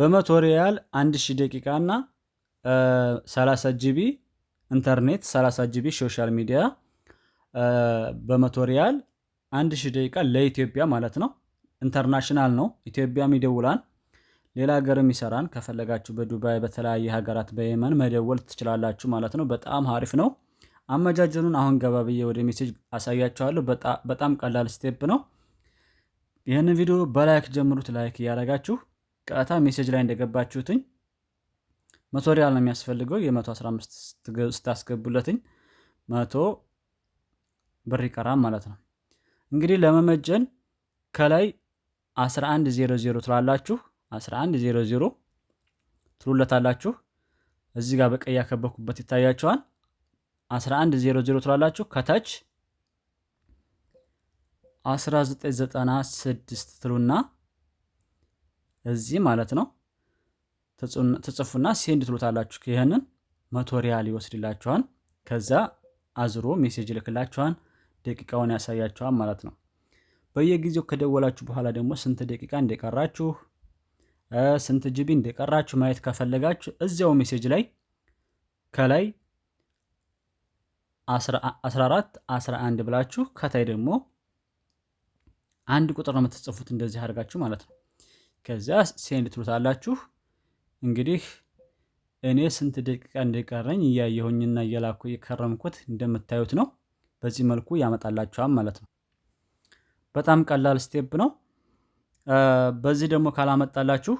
በመቶ ሪያል 1000 ደቂቃ እና 30 ጂቢ ኢንተርኔት 30 ጂቢ ሶሻል ሚዲያ በመቶ ሪያል 1000 ደቂቃ ለኢትዮጵያ ማለት ነው። ኢንተርናሽናል ነው። ኢትዮጵያም ይደውላል፣ ሌላ ሀገርም ይሰራን ከፈለጋችሁ በዱባይ በተለያየ ሀገራት በየመን መደወል ትችላላችሁ ማለት ነው። በጣም አሪፍ ነው። አመጃጀኑን አሁን ገባ ብዬ ወደ ሜሴጅ አሳያችኋለሁ። በጣም ቀላል ስቴፕ ነው። ይህንን ቪዲዮ በላይክ ጀምሩት። ላይክ እያደረጋችሁ ቀጥታ ሜሴጅ ላይ እንደገባችሁትኝ መቶ ሪያል ነው የሚያስፈልገው የመቶ አስራ ስታስገቡለትኝ መቶ ብር ይቀራ ማለት ነው። እንግዲህ ለመመጀን ከላይ 1100 ትላላችሁ 1100 ትሉለታላችሁ። እዚህ ጋር በቀይ ያከበኩበት ይታያችኋል። 1100 ትላላችሁ ከታች 1996 ትሉና እዚህ ማለት ነው ትጽፉና ሴንድ ትሉታላችሁ። ይህንን መቶ ሪያል ይወስድላችኋል። ከዛ አዝሮ ሜሴጅ ይልክላችኋል። ደቂቃውን ያሳያችኋል ማለት ነው። በየጊዜው ከደወላችሁ በኋላ ደግሞ ስንት ደቂቃ እንደቀራችሁ፣ ስንት ጂቢ እንደቀራችሁ ማየት ከፈለጋችሁ እዚያው ሜሴጅ ላይ ከላይ 14 11 ብላችሁ ከታይ ደግሞ አንድ ቁጥር ነው የምትጽፉት እንደዚህ አድርጋችሁ ማለት ነው። ከዚያ ሴንድ ትሉታላችሁ። እንግዲህ እኔ ስንት ደቂቃ እንደቀረኝ እያየሁኝና እየላኩ የከረምኩት እንደምታዩት ነው። በዚህ መልኩ ያመጣላችኋል ማለት ነው። በጣም ቀላል ስቴፕ ነው። በዚህ ደግሞ ካላመጣላችሁ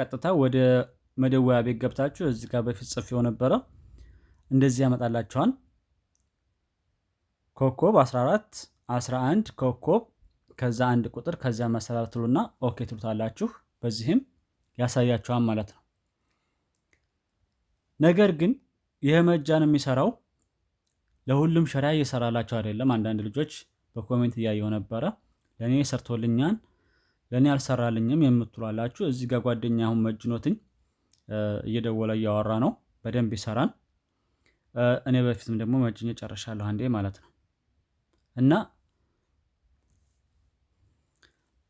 ቀጥታ ወደ መደወያ ቤት ገብታችሁ እዚህ ጋር በፊት ጽፌው ነበረ እንደዚህ ያመጣላችኋል። ኮኮብ 14 11 ኮኮብ ከዛ አንድ ቁጥር ከዚያ መሰረት ትሉና ኦኬ ትሉታላችሁ። በዚህም ያሳያችኋል ማለት ነው። ነገር ግን ይህ መጃን የሚሰራው ለሁሉም ሸሪያ እየሰራላቸው አይደለም። አንዳንድ ልጆች በኮሜንት እያየው ነበረ ለእኔ ሰርቶልኛን ለእኔ አልሰራልኝም የምትሏላችሁ። እዚህ ጋር ጓደኛ አሁን መጅኖትኝ እየደወለ እያወራ ነው። በደንብ ይሰራል። እኔ በፊትም ደግሞ መጅኜ ጨርሻለሁ አንዴ ማለት ነው እና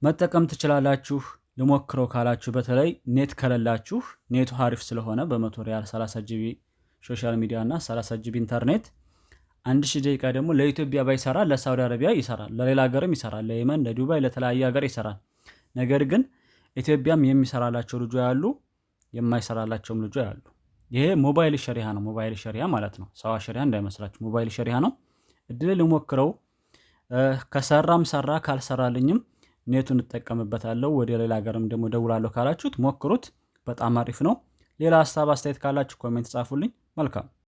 መጠቀም ትችላላችሁ። ልሞክረው ካላችሁ በተለይ ኔት ከሌላችሁ ኔቱ ሀሪፍ ስለሆነ በመቶ ሪያል 30 ጂቢ ሶሻል ሚዲያ እና 30 ጂቢ ኢንተርኔት አንድ ሺህ ደቂቃ ደግሞ ለኢትዮጵያ ባይሰራ ለሳውዲ አረቢያ ይሰራል፣ ለሌላ ሀገርም ይሰራል፣ ለየመን፣ ለዱባይ፣ ለተለያየ ሀገር ይሰራል። ነገር ግን ኢትዮጵያም የሚሰራላቸው ልጆ ያሉ የማይሰራላቸውም ልጆ ያሉ። ይሄ ሞባይል ሸሪሃ ነው። ሞባይል ሸሪሃ ማለት ነው፣ ሰዋ ሸሪሃ እንዳይመስላችሁ። ሞባይል ሸሪሃ ነው። እድል ልሞክረው፣ ከሰራም ሰራ ካልሰራልኝም ኔቱን እጠቀምበታለሁ ወደ ሌላ ሀገርም ደግሞ ደውላለሁ ካላችሁት ሞክሩት። በጣም አሪፍ ነው። ሌላ ሀሳብ አስተያየት ካላችሁ ኮሜንት ጻፉልኝ። መልካም